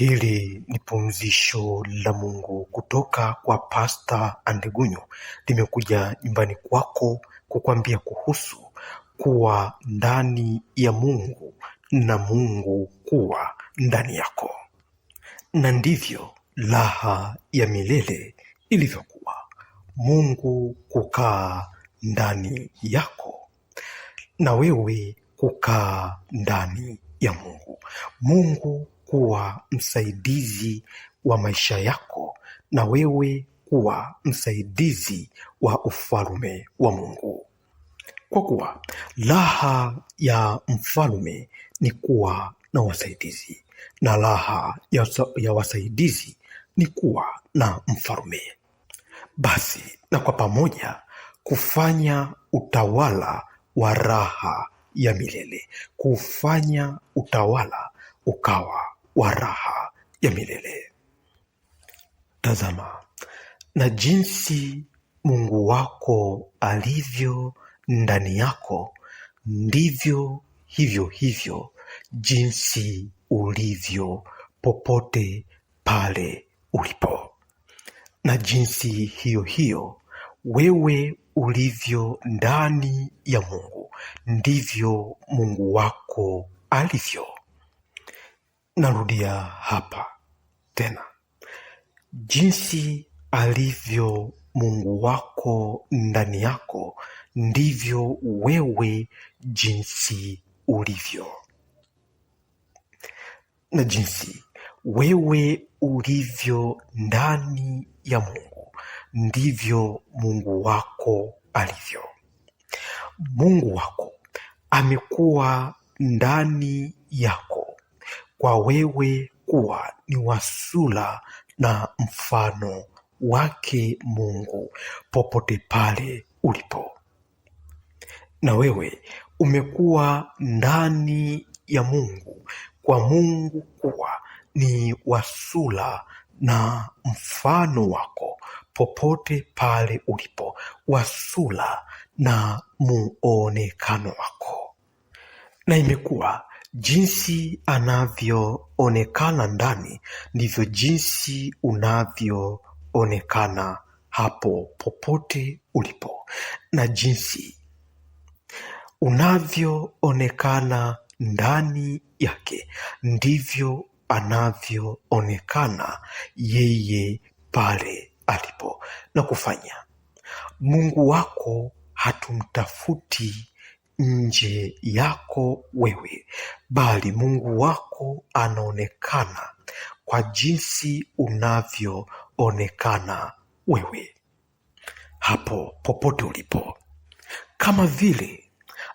Hili ni pumzisho la Mungu kutoka kwa Pasta Andegunyo, limekuja nyumbani kwako kukwambia kuhusu kuwa ndani ya Mungu na Mungu kuwa ndani yako, na ndivyo laha ya milele ilivyokuwa Mungu kukaa ndani yako na wewe kukaa ndani ya Mungu, Mungu kuwa msaidizi wa maisha yako na wewe kuwa msaidizi wa ufalme wa Mungu, kwa kuwa raha ya mfalme ni kuwa na wasaidizi na raha ya, ya wasaidizi ni kuwa na mfalme. Basi na kwa pamoja kufanya utawala wa raha ya milele, kufanya utawala ukawa wa raha ya milele. Tazama na jinsi Mungu wako alivyo ndani yako, ndivyo hivyo hivyo jinsi ulivyo popote pale ulipo, na jinsi hiyo hiyo wewe ulivyo ndani ya Mungu ndivyo Mungu wako alivyo Narudia hapa tena, jinsi alivyo Mungu wako ndani yako ndivyo wewe jinsi ulivyo, na jinsi wewe ulivyo ndani ya Mungu ndivyo Mungu wako alivyo. Mungu wako amekuwa ndani yako kwa wewe kuwa ni wasula na mfano wake Mungu popote pale ulipo. Na wewe umekuwa ndani ya Mungu kwa Mungu kuwa ni wasula na mfano wako popote pale ulipo, wasula na muonekano wako, na imekuwa Jinsi anavyoonekana ndani ndivyo jinsi unavyoonekana hapo popote ulipo, na jinsi unavyoonekana ndani yake ndivyo anavyoonekana yeye pale alipo na kufanya. Mungu wako hatumtafuti nje yako wewe, bali Mungu wako anaonekana kwa jinsi unavyoonekana wewe hapo popote ulipo, kama vile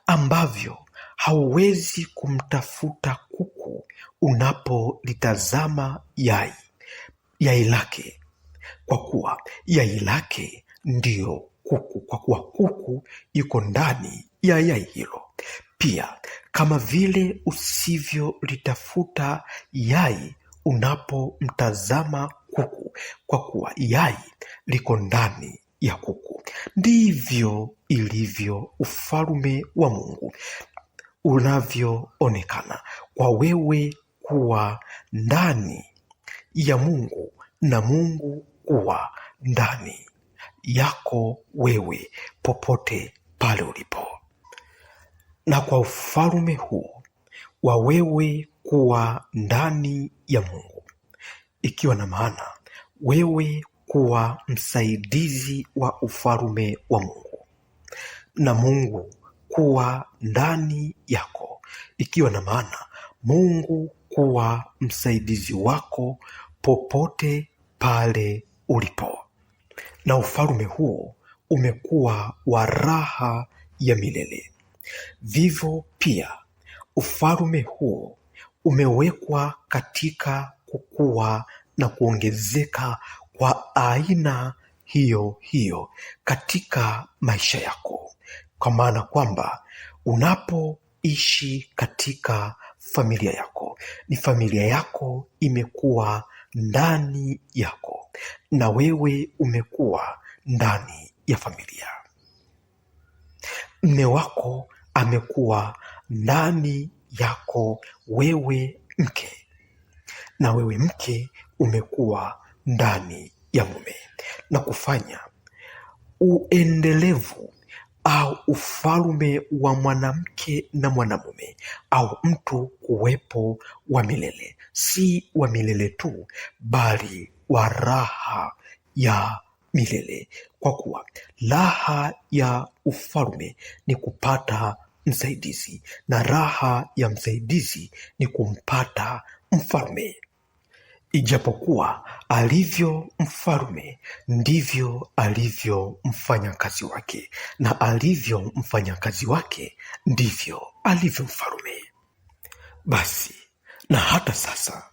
ambavyo hauwezi kumtafuta kuku unapolitazama yai yai lake, kwa kuwa yai lake ndiyo kuku, kwa kuwa kuku iko ndani ya yai hilo pia, kama vile usivyolitafuta yai unapomtazama kuku, kwa kuwa yai liko ndani ya kuku. Ndivyo ilivyo ufalume wa Mungu unavyoonekana kwa wewe kuwa ndani ya Mungu na Mungu kuwa ndani yako wewe, popote pale ulipo na kwa ufalme huo wa wewe kuwa ndani ya Mungu, ikiwa na maana wewe kuwa msaidizi wa ufalme wa Mungu na Mungu kuwa ndani yako, ikiwa na maana Mungu kuwa msaidizi wako popote pale ulipo, na ufalme huo umekuwa wa raha ya milele. Vivyo pia ufalme huo umewekwa katika kukua na kuongezeka kwa aina hiyo hiyo katika maisha yako, kwa maana kwamba unapoishi katika familia yako, ni familia yako imekuwa ndani yako na wewe umekuwa ndani ya familia. Mme wako amekuwa ndani yako wewe mke, na wewe mke umekuwa ndani ya mume na kufanya uendelevu au ufalme wa mwanamke na mwanamume au mtu kuwepo wa milele, si wa milele tu, bali wa raha ya milele, kwa kuwa raha ya ufalme ni kupata msaidizi, na raha ya msaidizi ni kumpata mfalme. Ijapokuwa alivyo mfalme ndivyo alivyo mfanyakazi wake, na alivyo mfanyakazi wake ndivyo alivyo mfalme. Basi na hata sasa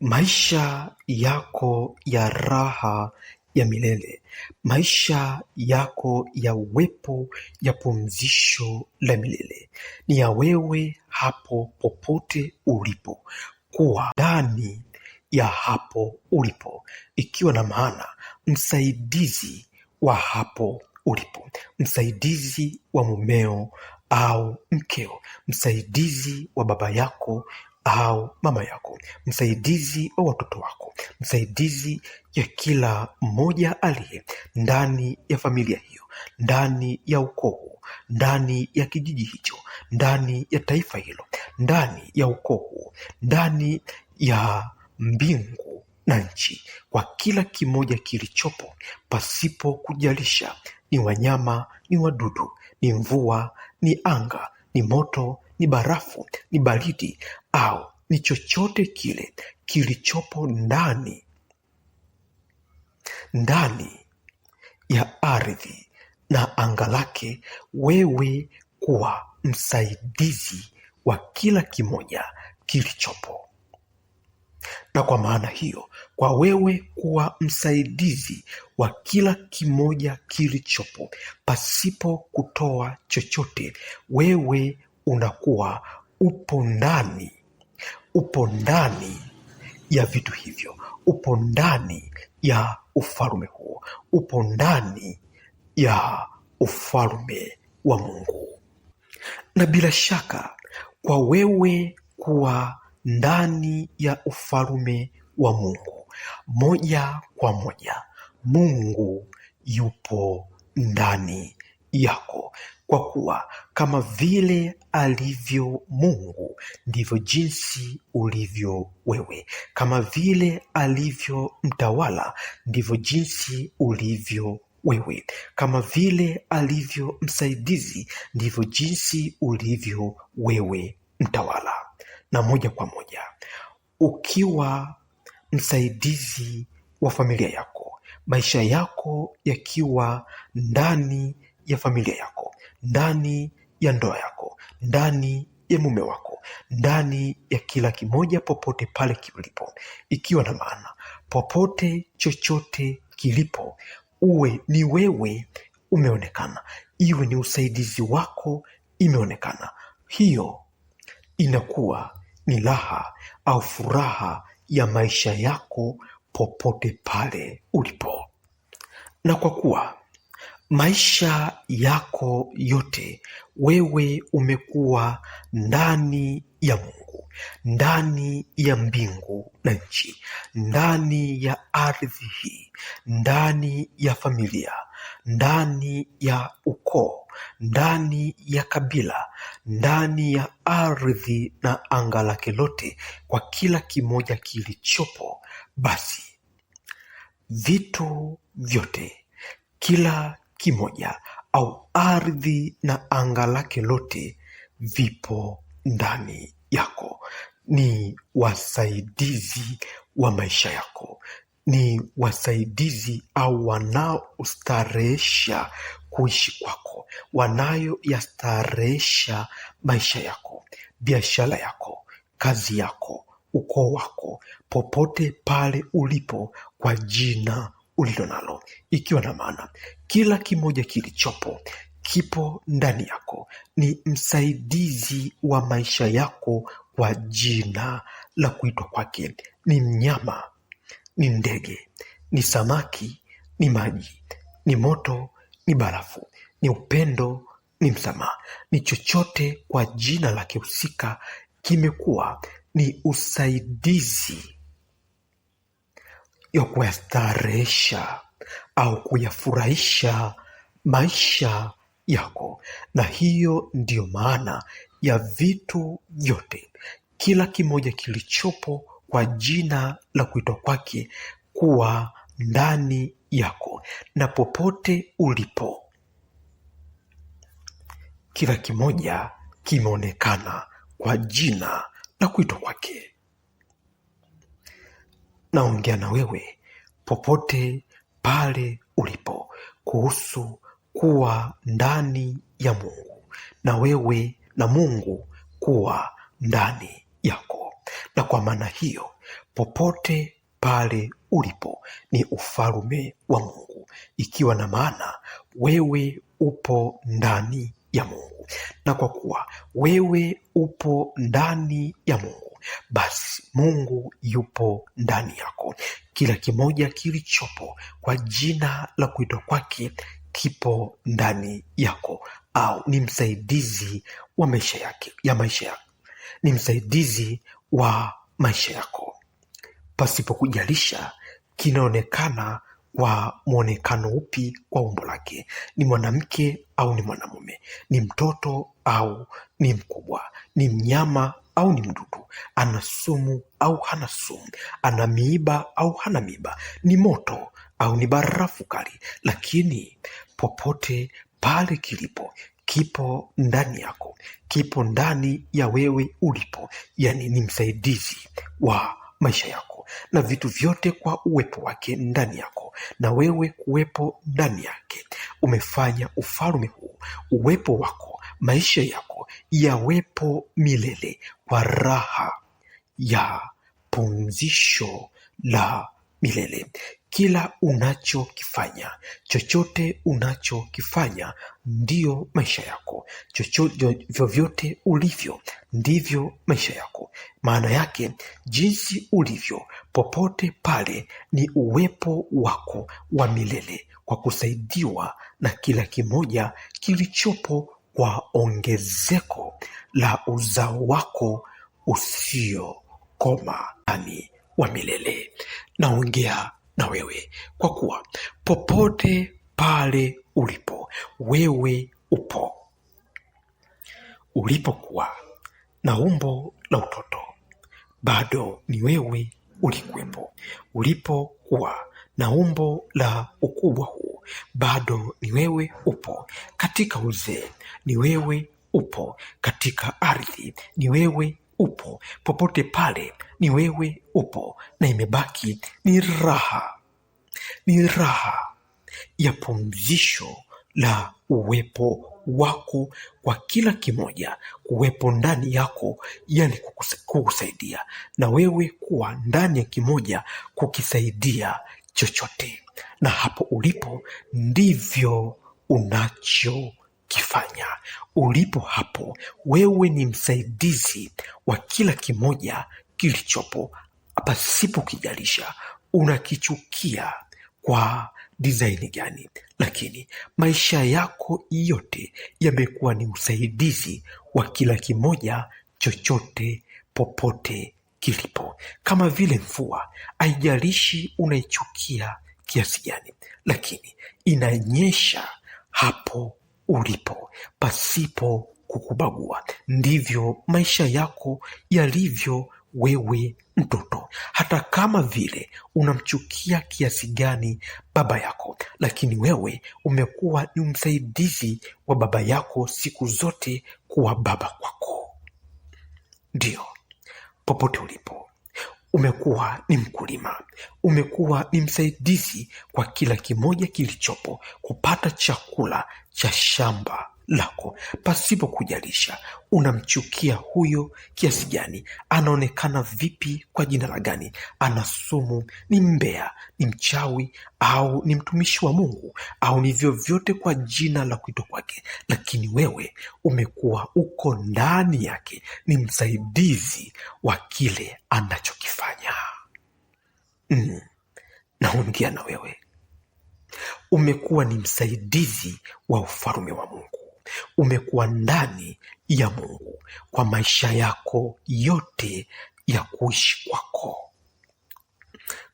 maisha yako ya raha ya milele Maisha yako ya uwepo ya pumzisho la milele ni ya wewe hapo popote ulipo, kuwa ndani ya hapo ulipo, ikiwa na maana msaidizi wa hapo ulipo, msaidizi wa mumeo au mkeo, msaidizi wa baba yako au mama yako, msaidizi wa watoto wako, msaidizi ya kila mmoja aliye ndani ya familia hiyo, ndani ya ukoo, ndani ya kijiji hicho, ndani ya taifa hilo, ndani ya ukoo, ndani ya mbingu na nchi, kwa kila kimoja kilichopo, pasipo kujalisha ni wanyama, ni wadudu, ni mvua, ni anga, ni moto, ni barafu, ni baridi au ni chochote kile kilichopo ndani ndani ya ardhi na anga lake, wewe kuwa msaidizi wa kila kimoja kilichopo. Na kwa maana hiyo, kwa wewe kuwa msaidizi wa kila kimoja kilichopo pasipo kutoa chochote, wewe unakuwa upo ndani, upo ndani ya vitu hivyo, upo ndani ya ufalume huo, upo ndani ya ufalume wa Mungu. Na bila shaka kwa wewe kuwa ndani ya ufalume wa Mungu, moja kwa moja Mungu yupo ndani yako. Kwa kuwa kama vile alivyo Mungu ndivyo jinsi ulivyo wewe, kama vile alivyo mtawala ndivyo jinsi ulivyo wewe, kama vile alivyo msaidizi ndivyo jinsi ulivyo wewe mtawala. Na moja kwa moja, ukiwa msaidizi wa familia yako, maisha yako yakiwa ndani ya familia yako ndani ya ndoa yako, ndani ya mume wako, ndani ya kila kimoja, popote pale kilipo, ikiwa na maana popote chochote kilipo, uwe ni wewe umeonekana, iwe ni usaidizi wako imeonekana, hiyo inakuwa ni raha au furaha ya maisha yako popote pale ulipo. Na kwa kuwa Maisha yako yote wewe umekuwa ndani ya Mungu, ndani ya mbingu na nchi, ndani ya ardhi hii, ndani ya familia, ndani ya ukoo, ndani ya kabila, ndani ya ardhi na anga lake lote, kwa kila kimoja kilichopo, basi vitu vyote kila kimoja au ardhi na anga lake lote vipo ndani yako, ni wasaidizi wa maisha yako, ni wasaidizi au wanaostarehesha kuishi kwako, wanayoyastarehesha maisha yako, biashara yako, kazi yako, ukoo wako, popote pale ulipo, kwa jina ulilo nalo, ikiwa na maana kila kimoja kilichopo kipo ndani yako, ni msaidizi wa maisha yako kwa jina la kuitwa kwake. Ni mnyama, ni ndege, ni samaki, ni maji, ni moto, ni barafu, ni upendo, ni msamaha, ni chochote kwa jina lake husika kimekuwa ni usaidizi ya kuwastarehesha au kuyafurahisha maisha yako, na hiyo ndiyo maana ya vitu vyote, kila kimoja kilichopo kwa jina la kuitwa kwake kuwa ndani yako, na popote ulipo, kila kimoja kimeonekana kwa jina la kuitwa kwake. Naongea na wewe popote pale ulipo kuhusu kuwa ndani ya Mungu na wewe na Mungu kuwa ndani yako. Na kwa maana hiyo, popote pale ulipo ni ufalme wa Mungu, ikiwa na maana wewe upo ndani ya Mungu, na kwa kuwa wewe upo ndani ya Mungu basi Mungu yupo ndani yako. Kila kimoja kilichopo kwa jina la kuitwa kwake kipo ndani yako, au ni msaidizi wa maisha yake ya maisha yako, ni msaidizi wa maisha yako, pasipo kujalisha kinaonekana kwa mwonekano upi kwa umbo lake, ni mwanamke au ni mwanamume, ni mtoto au ni mkubwa, ni mnyama au ni mdudu, ana sumu au hana sumu, ana miiba au hana miiba, ni moto au ni barafu kali, lakini popote pale kilipo kipo ndani yako, kipo ndani ya wewe ulipo, yani ni msaidizi wa maisha yako na vitu vyote kwa uwepo wake ndani yako na wewe kuwepo ndani yake umefanya ufalme huu uwepo wako maisha yako yawepo milele kwa raha ya pumzisho la milele. Kila unachokifanya, chochote unachokifanya ndiyo maisha yako. Chochote vyovyote ulivyo ndivyo maisha yako. Maana yake jinsi ulivyo popote pale ni uwepo wako wa milele, kwa kusaidiwa na kila kimoja kilichopo kwa ongezeko la uzao wako usiokoma ani wa milele. Naongea na wewe kwa kuwa popote pale ulipo wewe upo. Ulipokuwa na umbo la utoto, bado ni wewe ulikuwepo. Ulipokuwa na umbo la ukubwa huu bado ni wewe upo katika uzee, ni wewe upo katika ardhi, ni wewe upo popote pale, ni wewe upo, na imebaki ni raha, ni raha ya pumzisho la uwepo wako kwa kila kimoja kuwepo ndani yako, yani kukusaidia na wewe kuwa ndani ya kimoja kukisaidia chochote, na hapo ulipo ndivyo unachokifanya. Ulipo hapo, wewe ni msaidizi wa kila kimoja kilichopo, pasipo kijalisha unakichukia kwa dizaini gani, lakini maisha yako yote yamekuwa ni usaidizi wa kila kimoja chochote popote kilipo, kama vile mvua. Haijalishi unaichukia kiasi gani, lakini inanyesha hapo ulipo pasipo kukubagua. Ndivyo maisha yako yalivyo, wewe mtoto. Hata kama vile unamchukia kiasi gani baba yako, lakini wewe umekuwa ni msaidizi wa baba yako siku zote, kuwa baba kwako. ndio popote ulipo. Umekuwa ni mkulima, umekuwa ni msaidizi kwa kila kimoja kilichopo kupata chakula cha shamba lako pasipo kujalisha unamchukia huyo kiasi gani, anaonekana vipi, kwa jina la gani, ana sumu, ni mbea, ni mchawi, au ni mtumishi wa Mungu, au ni vyovyote kwa jina la kuitwa kwake, lakini wewe umekuwa uko ndani yake, ni msaidizi wa kile anachokifanya. Mm, naongea na wewe, umekuwa ni msaidizi wa ufalme wa Mungu umekuwa ndani ya Mungu kwa maisha yako yote ya kuishi kwako.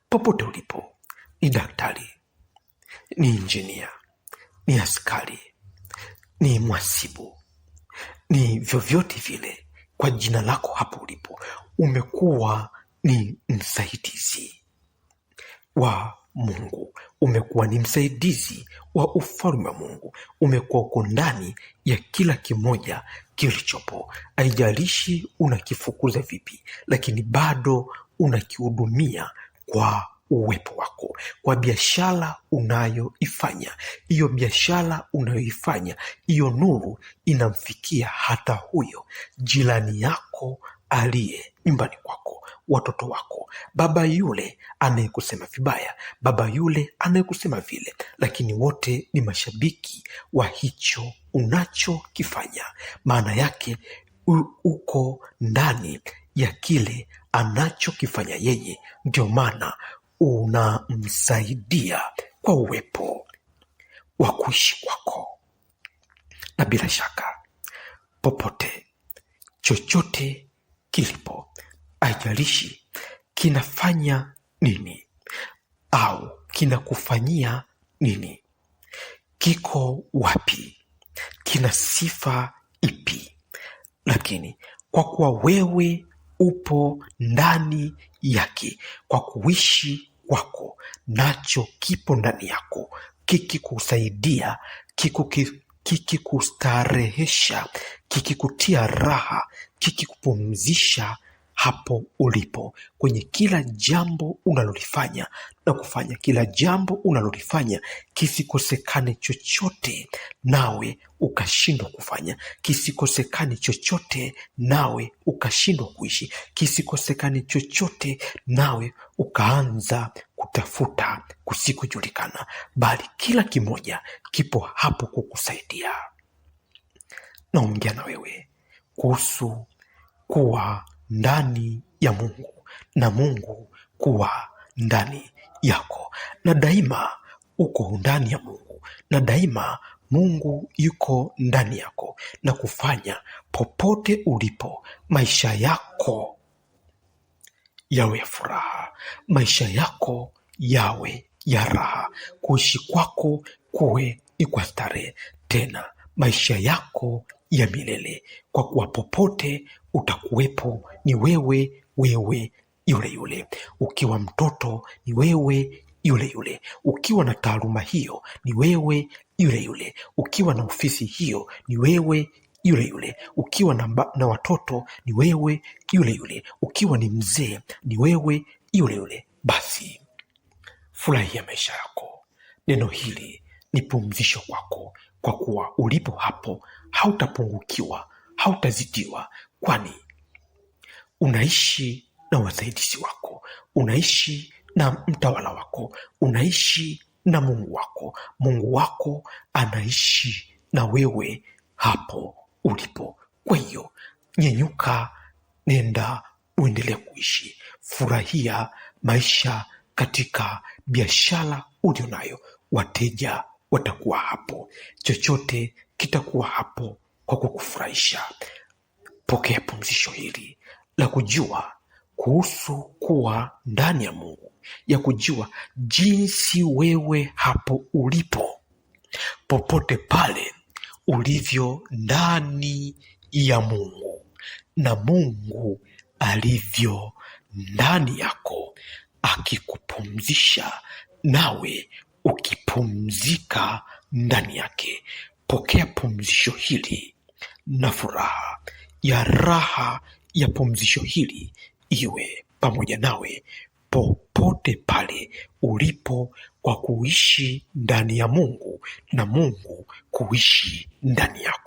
Popote ulipo, ni daktari, ni injinia, ni askari, ni mwasibu, ni vyovyote vile, kwa jina lako hapo ulipo, umekuwa ni msaidizi wa Mungu, umekuwa ni msaidizi wa ufalme wa Mungu, umekuwa uko ndani ya kila kimoja kilichopo. Haijalishi unakifukuza vipi, lakini bado unakihudumia kwa uwepo wako, kwa biashara unayoifanya. Hiyo biashara unayoifanya, hiyo nuru inamfikia hata huyo jirani yako aliye nyumbani kwako, watoto wako, baba yule anayekusema vibaya, baba yule anayekusema vile, lakini wote ni mashabiki wa hicho unachokifanya. Maana yake uko ndani ya kile anachokifanya yeye, ndio maana unamsaidia kwa uwepo wa kuishi kwako. Na bila shaka, popote chochote kilipo, haijalishi kinafanya nini au kinakufanyia nini, kiko wapi, kina sifa ipi, lakini kwa kuwa wewe upo ndani yake kwa kuishi kwako, nacho kipo ndani yako kikikusaidia, kikikustarehesha, kikikutia raha kikikupumzisha hapo ulipo kwenye kila jambo unalolifanya na kufanya kila jambo unalolifanya kisikosekane chochote nawe ukashindwa kufanya kisikosekane chochote nawe ukashindwa kuishi kisikosekane chochote nawe ukaanza kutafuta kusikojulikana bali kila kimoja kipo hapo kukusaidia naongea na wewe kuhusu kuwa ndani ya Mungu na Mungu kuwa ndani yako, na daima uko ndani ya Mungu na daima Mungu yuko ndani yako na kufanya popote ulipo maisha yako yawe ya furaha, maisha yako yawe ya raha, kuishi kwako kuwe ni kwa starehe, tena maisha yako ya milele, kwa kuwa popote utakuwepo ni wewe wewe yule yule. Ukiwa mtoto ni wewe yule yule, ukiwa na taaluma hiyo ni wewe yule yule, ukiwa na ofisi hiyo ni wewe yule yule, ukiwa na, mba, na watoto ni wewe yule yule, ukiwa ni mzee ni wewe yule yule. Basi furahia maisha yako. Neno hili ni pumzisho kwako, kwa kuwa ulipo hapo hautapungukiwa, hautazidiwa, kwani unaishi na wasaidizi wako, unaishi na mtawala wako, unaishi na Mungu wako. Mungu wako anaishi na wewe hapo ulipo. Kwa hiyo nyenyuka, nenda uendelee kuishi, furahia maisha katika biashara ulio nayo, wateja watakuwa hapo, chochote kitakuwa hapo kwa kukufurahisha. Pokea pumzisho hili la kujua kuhusu kuwa ndani ya Mungu, ya kujua jinsi wewe hapo ulipo, popote pale ulivyo ndani ya Mungu na Mungu alivyo ndani yako, akikupumzisha nawe ukipumzika ndani yake. Pokea pumzisho hili na furaha ya raha ya pumzisho hili iwe pamoja nawe popote pale ulipo, kwa kuishi ndani ya Mungu na Mungu kuishi ndani yako.